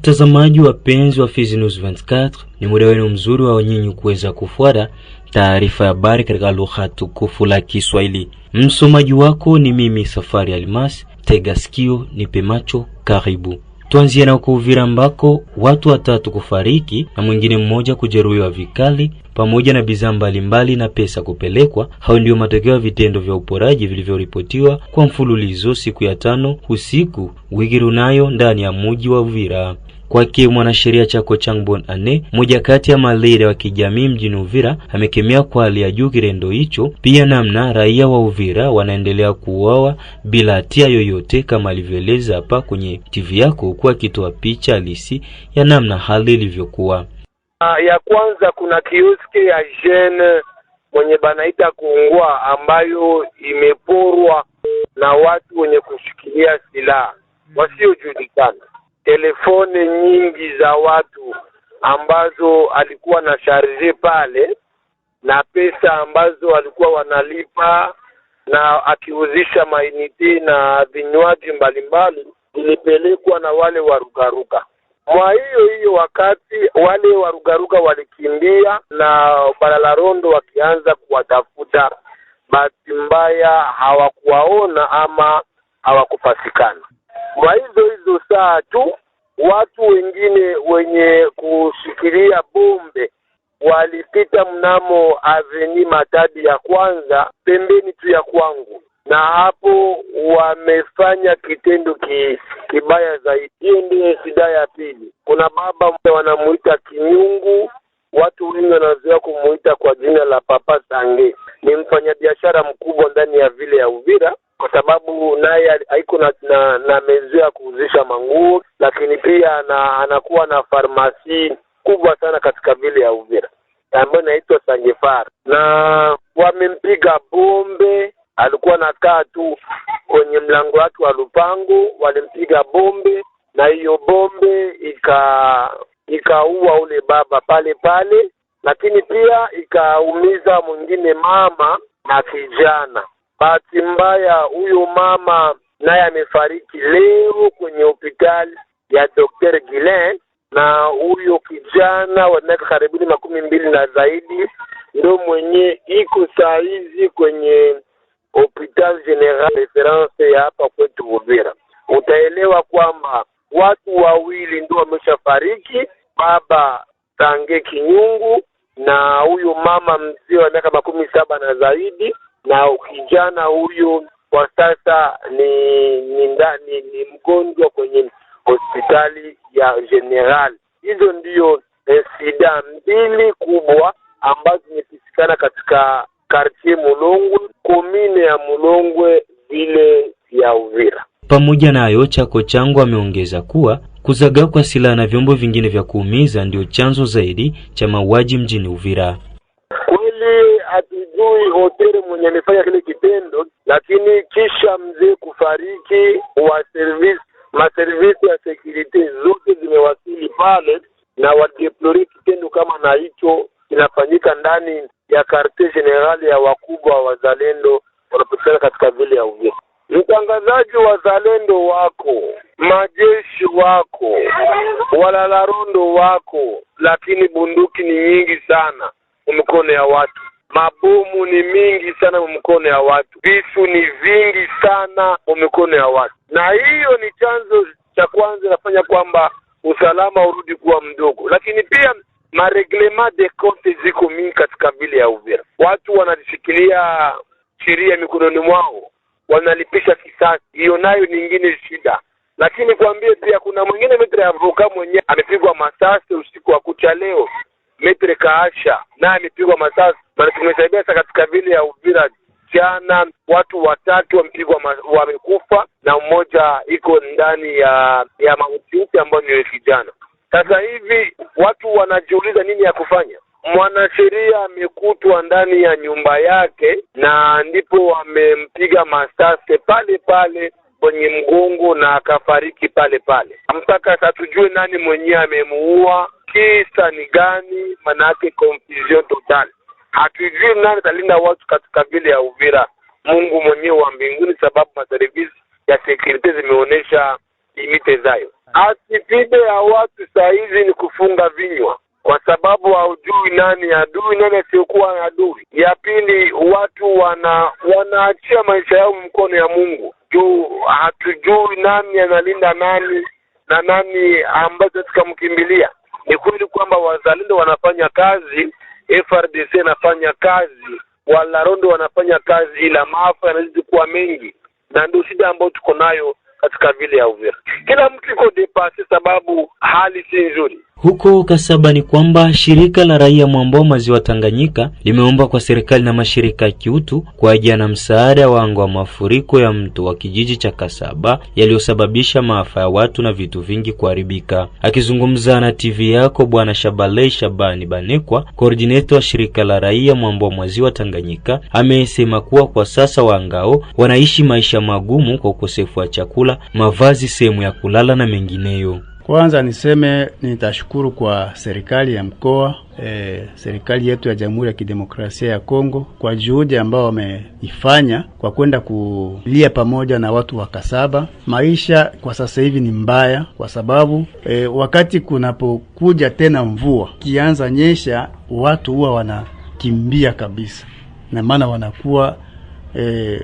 Watazamaji wapenzi wa Fizi News 24, ni muda wenu mzuri wa nyinyi kuweza kufuata taarifa ya habari katika lugha tukufu la Kiswahili. Msomaji wako ni mimi Safari Almas, tega sikio, nipe macho, karibu. Tuanzie na huko Uvira ambako watu watatu kufariki na mwingine mmoja kujeruhiwa vikali pamoja na bidhaa mbalimbali na pesa kupelekwa. Hao ndio matokeo ya vitendo vya uporaji vilivyoripotiwa kwa mfululizo siku ya tano usiku wiki runayo ndani ya mji wa Uvira. Kwake mwanasheria Chako Changbon Ane, mmoja kati ya malida wa kijamii mjini Uvira, amekemea kwa hali ya juu kirendo hicho, pia namna raia wa Uvira wanaendelea kuuawa bila hatia yoyote, kama alivyoeleza hapa kwenye TV yako, huku akitoa picha halisi ya namna hali ilivyokuwa. Ah, ya kwanza kuna kioski ya jene mwenye banaita kungwa ambayo imeporwa na watu wenye kushikilia silaha wasiojulikana telefone nyingi za watu ambazo alikuwa na sharje pale na pesa ambazo walikuwa wanalipa na akiuzisha mainiti na vinywaji mbalimbali zilipelekwa na wale warugaruga. Mwa hiyo hiyo wakati wale warugaruga walikimbia na rondo wakianza kuwatafuta, bahati mbaya hawakuwaona ama hawakupatikana. Mwa hizo hizo saa tu watu wengine wenye kushikilia bombe walipita mnamo aveni Matadi ya kwanza pembeni tu ya kwangu, na hapo wamefanya kitendo ki, kibaya zaidi. Hiyo ndiyo shida ya pili. Kuna baba wanamuita Kinyungu, watu wengi wanazoea kumuita kwa jina la Papa Sange, ni mfanyabiashara mkubwa ndani ya vile ya Uvira kwa sababu naye haiko na, na, na mezo ya kuuzisha manguo, lakini pia na, anakuwa na farmasi kubwa sana katika vile ya Uvira ambayo inaitwa Sangefar, na wamempiga bombe. Alikuwa na tu kwenye mlango wake wa lupango, walimpiga bombe na hiyo bombe ika ikaua ule baba pale pale, lakini pia ikaumiza mwingine mama na kijana Bahati mbaya huyo mama naye amefariki leo kwenye hospitali ya Dr. Gilen, na huyo kijana wa miaka karibuni makumi mbili na zaidi ndo mwenye iko saa hizi kwenye hospital general reference ya hapa kwetu Uvira. Utaelewa kwamba watu wawili ndio wameshafariki, baba Sange Kinyungu na huyu mama mzee wa miaka makumi saba na zaidi, na kijana huyu kwa sasa ni ni, ni, ni mgonjwa kwenye hospitali ya General. Hizo ndiyo eh, sida mbili kubwa ambazo zimepitikana katika kartie Mulongwe, komine ya Mulongwe, vile ya Uvira. Pamoja na hayo, Chako Changu ameongeza kuwa Kuzagaa kwa silaha na vyombo vingine vya kuumiza ndio chanzo zaidi cha mauaji mjini Uvira. Kweli hatujui hoteli mwenye amefanya kile kitendo, lakini kisha mzee kufariki, wa service maservisi ya sekurite zote zimewasili pale na wadeplore kitendo kama na hicho kinafanyika ndani ya karte generali ya wakubwa wa wazalendo wanapatikana katika vile ya Uvira mtangazaji wazalendo wako, majeshi wako, walalarondo wako, lakini bunduki ni nyingi sana mkono ya watu, mabomu ni mingi sana mkono ya watu, visu ni vingi sana mkono ya watu, na hiyo ni chanzo cha kwanza inafanya kwamba usalama urudi kuwa mdogo, lakini pia mareglema de compte ziko mingi katika vile ya Uvira, watu wanashikilia sheria mikononi mwao wanalipisha kisasi, hiyo nayo nyingine shida. Lakini kuambie pia kuna mwingine metre ya voka mwenyewe amepigwa masasi usiku wa kucha leo, metre Kaasha naye amepigwa masasi. Tumesaidia sa katika vile ya Uvira jana, watu watatu wamepigwa wamekufa, na mmoja iko ndani ya ya mahusiusi ambayo ni kijana. Sasa hivi watu wanajiuliza nini ya kufanya. Mwanasheria amekutwa ndani ya nyumba yake na ndipo wamempiga masase pale pale kwenye mgongo na akafariki pale pale, mpaka hatujue nani mwenyewe amemuua, kisa ni gani? Manake confusion total, hatujui nani atalinda watu katika vile ya Uvira. Mungu mwenyewe wa mbinguni, sababu maservisi ya sekurite zimeonyesha limite zayo. Asipide ya watu saa hizi ni kufunga vinywa kwa sababu haujui nani adui, nani asiyokuwa adui. Ya pili, watu wana wanaachia maisha yao mkono ya Mungu juu hatujui nani analinda nani na nani ambazo tukamkimbilia. Ni kweli kwamba wazalendo wanafanya kazi, FRDC inafanya kazi, walarondo wanafanya kazi, ila maafa yanazidi kuwa mengi, na ndio shida ambayo tuko nayo katika vile ya Uvira. Kila mtu iko depasi, sababu hali si nzuri huko Kasaba ni kwamba shirika la raia mwambao maziwa Tanganyika limeomba kwa serikali na mashirika ya kiutu kwa ajili na msaada wango wa mafuriko ya mto wa kijiji cha Kasaba yaliyosababisha maafa ya watu na vitu vingi kuharibika. Akizungumza na TV yako Bwana Shabalei Shabani Banekwa, koordineta wa shirika la raia mwambao maziwa Tanganyika, amesema kuwa kwa sasa wangao wanaishi maisha magumu kwa ukosefu wa chakula, mavazi, sehemu ya kulala na mengineyo. Kwanza niseme nitashukuru kwa serikali ya mkoa e, serikali yetu ya Jamhuri ya Kidemokrasia ya Kongo kwa juhudi ambao wameifanya kwa kwenda kulia pamoja na watu wa Kasaba. Maisha kwa sasa hivi ni mbaya kwa sababu e, wakati kunapokuja tena mvua kianza nyesha, watu huwa wanakimbia kabisa, na maana wanakuwa e,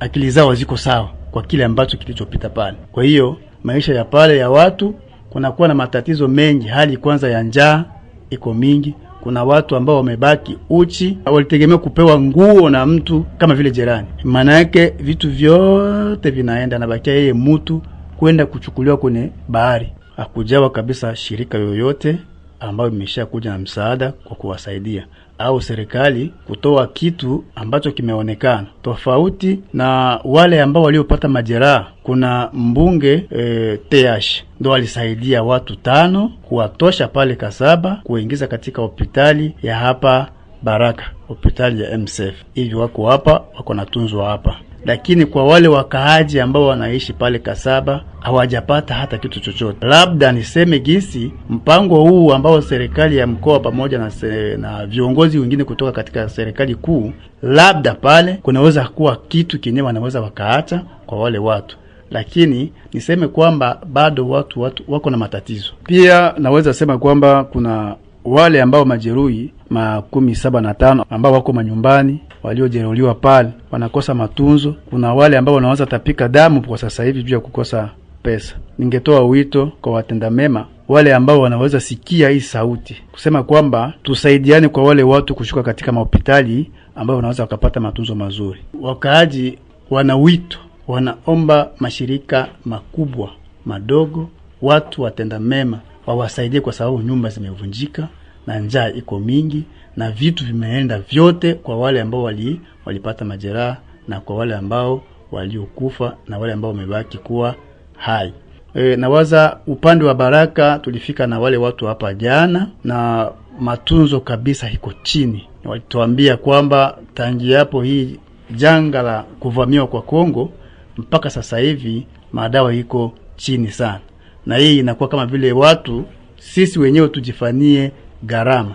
akili zao ziko sawa kwa kile ambacho kilichopita pale. Kwa hiyo maisha ya pale ya watu kunakuwa na matatizo mengi. Hali kwanza ya njaa iko mingi, kuna watu ambao wamebaki uchi, walitegemea kupewa nguo na mtu kama vile jirani. Maana yake vitu vyote vinaenda, bakia yeye mtu kwenda kuchukuliwa kwenye bahari. Hakujawa kabisa shirika yoyote ambayo imeshakuja na msaada kwa kuwasaidia au serikali kutoa kitu ambacho kimeonekana tofauti na wale ambao waliopata majeraha. Kuna mbunge e, eh, TH ndo alisaidia watu tano kuwatosha pale Kasaba kuingiza katika hospitali ya hapa Baraka, hospitali ya MSF. Hivi wako hapa, wako natunzwa hapa lakini kwa wale wakaaji ambao wanaishi pale Kasaba hawajapata hata kitu chochote. Labda niseme gisi mpango huu ambao serikali ya mkoa pamoja na, se, na viongozi wengine kutoka katika serikali kuu, labda pale kunaweza kuwa kitu kenye wanaweza wakaacha kwa wale watu lakini niseme kwamba bado watu watu wako na matatizo pia. Naweza sema kwamba kuna wale ambao majeruhi makumi saba na tano ambao wako manyumbani waliojeruhiwa pale wanakosa matunzo. Kuna wale ambao wanaweza tapika damu kwa sasa hivi juu ya kukosa pesa. Ningetoa wito kwa watenda mema wale ambao wanaweza sikia hii sauti kusema kwamba tusaidiane kwa wale watu kushuka katika mahospitali ambao wanaweza wakapata matunzo mazuri. Wakaaji wana wito, wanaomba mashirika makubwa madogo, watu watenda mema wawasaidie, kwa sababu nyumba zimevunjika na njaa iko mingi na vitu vimeenda vyote, kwa wale ambao wali, walipata majeraha na kwa wale ambao waliokufa na wale ambao wamebaki kuwa hai. E, nawaza upande wa Baraka tulifika na wale watu hapa jana, na matunzo kabisa iko chini. Walituambia kwamba tangi hapo hii janga la kuvamiwa kwa Kongo mpaka sasa hivi madawa iko chini sana na hii inakuwa kama vile watu sisi wenyewe tujifanyie gharama.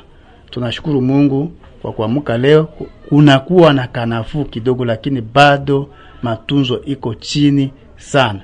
Tunashukuru Mungu kwa kuamka leo, kunakuwa na kanafuu kidogo, lakini bado matunzo iko chini sana.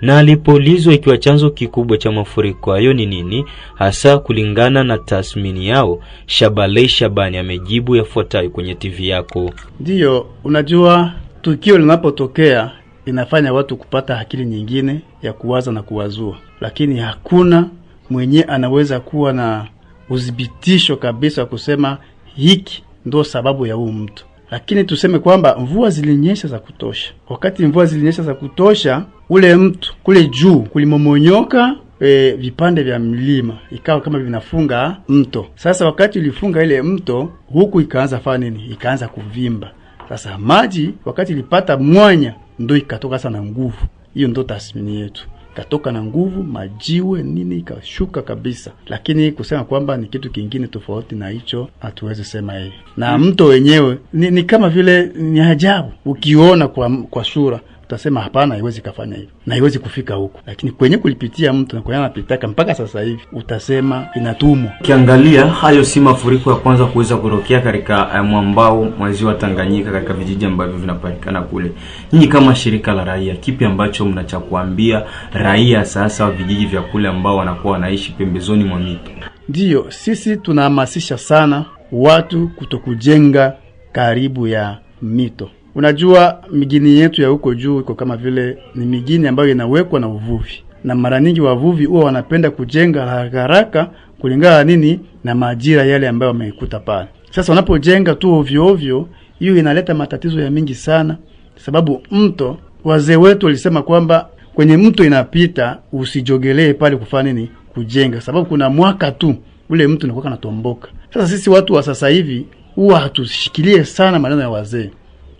Na alipoulizwa ikiwa chanzo kikubwa cha mafuriko hayo ni nini hasa kulingana na tathmini yao, Shabalei Shabani amejibu yafuatayo kwenye TV yako. Ndiyo, unajua tukio linapotokea inafanya watu kupata akili nyingine ya kuwaza na kuwazua lakini hakuna mwenye anaweza kuwa na udhibitisho kabisa kusema hiki ndo sababu ya huu mtu. Lakini tuseme kwamba mvua zilinyesha za kutosha. Wakati mvua zilinyesha za kutosha, ule mtu kule juu kulimomonyoka E, vipande vya mlima ikawa kama vinafunga mto. Sasa wakati ulifunga ile mto huku, ikaanza fanya nini? Ikaanza kuvimba. Sasa maji wakati ilipata mwanya, ndo ikatoka sana nguvu. Hiyo ndo tasimini yetu ikatoka na nguvu majiwe nini ikashuka kabisa, lakini kusema kwamba ni kitu kingine tofauti na hicho hatuwezi sema hiyo. Na mm. mto wenyewe ni, ni kama vile ni ajabu ukiona kwa, kwa sura utasema hapana, haiwezi kafanya hivyo na haiwezi kufika huko, lakini kwenye kulipitia mtu na kwenye anapitaka mpaka sasa hivi utasema inatumwa. Ukiangalia hayo si mafuriko ya kwanza kuweza kutokea katika eh, mwambao mwa ziwa Tanganyika, katika vijiji ambavyo vinapatikana kule. Nyinyi kama shirika la raia, kipi ambacho mnacha kuambia raia sasa wa vijiji vya kule ambao wanakuwa wanaishi pembezoni mwa mito? Ndiyo, sisi tunahamasisha sana watu kutokujenga karibu ya mito Unajua migini yetu ya huko juu iko kama vile ni migini ambayo inawekwa na uvuvi, na mara nyingi wavuvi huwa wanapenda kujenga haraka haraka kulingana nini na majira yale ambayo wameikuta pale. Sasa wanapojenga tu ovyo ovyo, hiyo inaleta matatizo ya mingi sana, sababu mto, wazee wetu walisema kwamba kwenye mto inapita usijogelee pale kufanya nini, kujenga, sababu kuna mwaka tu ule mtu unakuwa anatomboka. Sasa sisi watu wa sasa hivi huwa hatushikilie sana maneno ya wazee.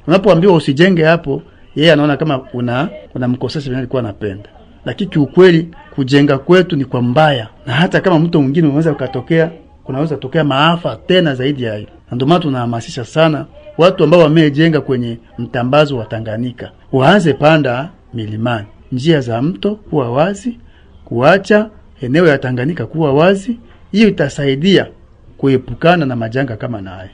Unapoambiwa usijenge hapo, yeye anaona kama una unamkosesha vile alikuwa anapenda, lakini kiukweli kujenga kwetu ni kwa mbaya, na hata kama mtu mwingine unaweza ukatokea, kunaweza tokea maafa tena zaidi ya hiyo. Ndio maana tunahamasisha sana watu ambao wamejenga kwenye mtambazo wa Tanganyika waanze panda milimani, njia za mto kuwa wazi, kuacha eneo ya Tanganyika kuwa wazi. Hiyo itasaidia kuepukana na majanga kama na haya.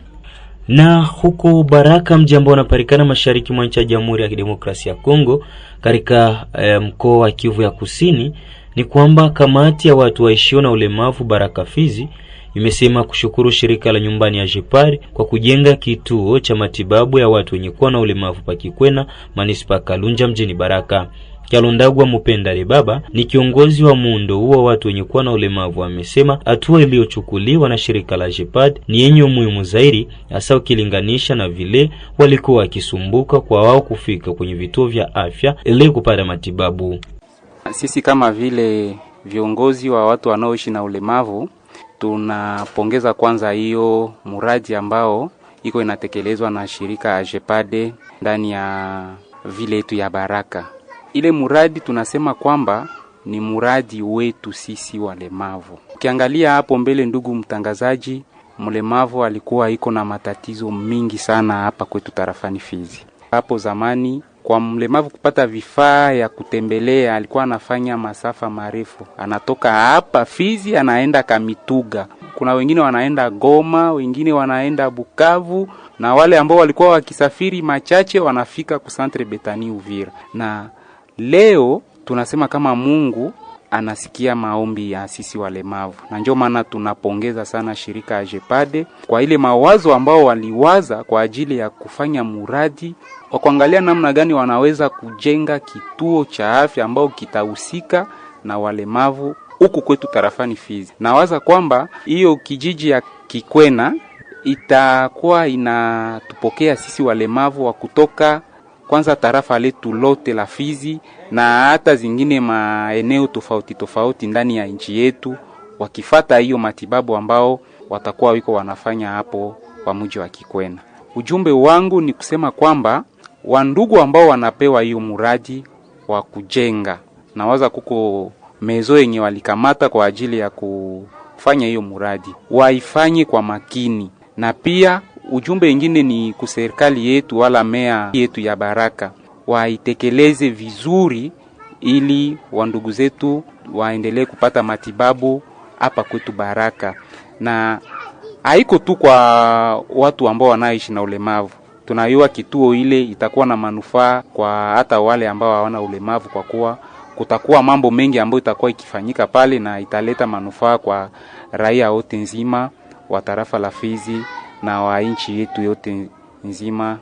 Na huko Baraka, mji ambao unapatikana mashariki mwa nchi ya Jamhuri ya Kidemokrasia ya Kongo katika e, mkoa wa Kivu ya Kusini, ni kwamba kamati ya watu waishio na ulemavu Baraka Fizi imesema kushukuru shirika la nyumbani ya Jepar kwa kujenga kituo cha matibabu ya watu wenye kuwa na ulemavu Pakikwena, Manispa Kalunja mjini Baraka. Kalundagwa Mupendale Baba ni kiongozi wa muundo huo watu wenye kuwa na ulemavu, amesema hatua iliyochukuliwa na shirika la JEPAD ni yenye umuhimu zaidi, hasa ukilinganisha na vile walikuwa wakisumbuka kwa wao kufika kwenye vituo vya afya ili kupata matibabu. Sisi kama vile viongozi wa watu wanaoishi na ulemavu tunapongeza kwanza hiyo muradi ambao iko inatekelezwa na shirika ya JEPAD ndani ya vile yetu ya Baraka. Ile muradi tunasema kwamba ni muradi wetu sisi walemavu. Ukiangalia hapo mbele, ndugu mtangazaji, mlemavu alikuwa iko na matatizo mingi sana hapa kwetu tarafani Fizi. Hapo zamani kwa mlemavu kupata vifaa ya kutembelea, alikuwa anafanya masafa marefu, anatoka hapa Fizi anaenda Kamituga. Kuna wengine wanaenda Goma, wengine wanaenda Bukavu, na wale ambao walikuwa wakisafiri machache wanafika kusantre Betani Uvira na Leo tunasema kama Mungu anasikia maombi ya sisi walemavu, na ndio maana tunapongeza sana shirika ya Jepade kwa ile mawazo ambao waliwaza kwa ajili ya kufanya muradi wa kuangalia namna gani wanaweza kujenga kituo cha afya ambao kitahusika na walemavu huku kwetu tarafani Fizi. Nawaza kwamba hiyo kijiji ya Kikwena itakuwa inatupokea sisi walemavu wa kutoka kwanza tarafa letu lote la Fizi na hata zingine maeneo tofauti tofauti ndani ya nchi yetu, wakifata hiyo matibabu ambao watakuwa wiko wanafanya hapo kwa mji wa Kikwena. Ujumbe wangu ni kusema kwamba wandugu ambao wanapewa hiyo muradi wa kujenga, nawaza kuko mezo yenye walikamata kwa ajili ya kufanya hiyo muradi, waifanye kwa makini na pia Ujumbe ingine ni kuserikali yetu wala mea yetu ya Baraka waitekeleze vizuri, ili wandugu zetu waendelee kupata matibabu hapa kwetu Baraka, na haiko tu kwa watu ambao wanaishi na ulemavu. Tunayua kituo ile itakuwa na manufaa kwa hata wale ambao hawana ulemavu, kwa kuwa kutakuwa mambo mengi ambayo itakuwa ikifanyika pale na italeta manufaa kwa raia wote nzima wa tarafa la Fizi na wa nchi yetu yote nzima.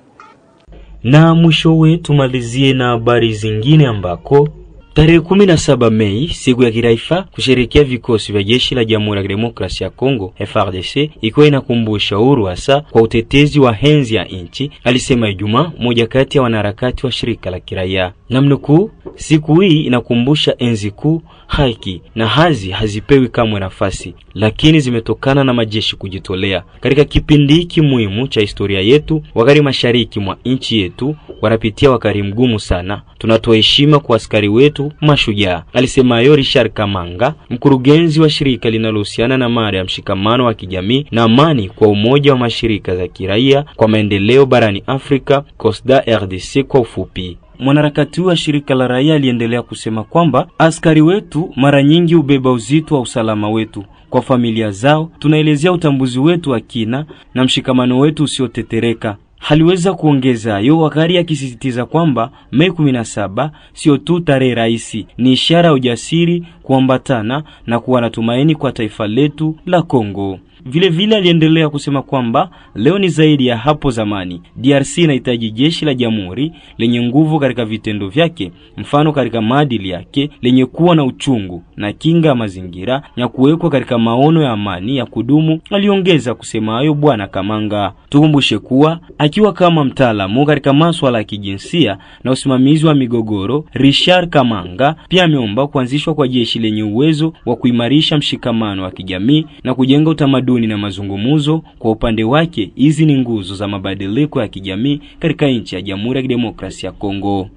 Na mwishowe tumalizie na habari zingine ambako Tarehe 17 Mei, siku ya kiraifa kusherekea vikosi vya jeshi la Jamhuri ya Kidemokrasia ya Kongo FRDC, ikiwa inakumbusha uhuru hasa kwa utetezi wa henzi ya nchi, alisema Ijumaa mmoja kati ya wanaharakati wa shirika la kiraia namnukuu, siku hii inakumbusha enzi kuu, haki na hazi hazipewi kamwe nafasi, lakini zimetokana na majeshi kujitolea. Katika kipindi hiki muhimu cha historia yetu, wakati mashariki mwa nchi yetu wanapitia wakati mgumu sana, tunatoa heshima kwa askari wetu watu mashujaa, alisema Ayo Richard Kamanga, mkurugenzi wa shirika linalohusiana na mada ya mshikamano wa kijamii na amani kwa umoja wa mashirika za kiraia kwa maendeleo barani Afrika, COSDA RDC kwa ufupi. Mwanaharakati wa shirika la raia aliendelea kusema kwamba askari wetu mara nyingi hubeba uzito wa usalama wetu kwa familia zao. Tunaelezea utambuzi wetu wa kina na mshikamano wetu usiotetereka haliweza kuongeza yo, wakati akisisitiza kwamba Mei 17 sio tu tarehe rahisi, ni ishara ya ujasiri kuambatana na kuwa na tumaini kwa taifa letu la Kongo. Vilevile aliendelea kusema kwamba leo ni zaidi ya hapo zamani, DRC inahitaji jeshi la jamhuri lenye nguvu katika vitendo vyake, mfano katika maadili yake, lenye kuwa na uchungu na kinga ya mazingira na kuwekwa katika maono ya amani ya kudumu. Aliongeza kusema hayo Bwana Kamanga. Tukumbushe kuwa akiwa kama mtaalamu katika masuala ya kijinsia na usimamizi wa migogoro, Richard Kamanga pia ameomba kuanzishwa kwa jeshi lenye uwezo wa kuimarisha mshikamano wa kijamii na kujenga utamaduni utamaduni na mazungumzo. Kwa upande wake, hizi ni nguzo za mabadiliko ya kijamii katika nchi ya Jamhuri ya Kidemokrasia ya Kongo.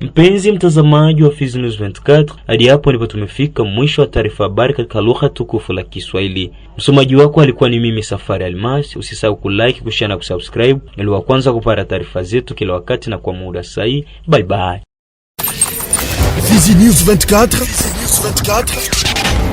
Mpenzi mtazamaji wa Fizi News 24, hadi hapo ndipo tumefika mwisho wa taarifa habari katika lugha tukufu la Kiswahili. Msomaji wako alikuwa ni mimi Safari Almasi. Usisahau kulike, kushare na kusubscribe ili wa kwanza kupata taarifa zetu kila wakati na kwa muda sahihi. Bye bye. Fizi News 24. Fizi News 24.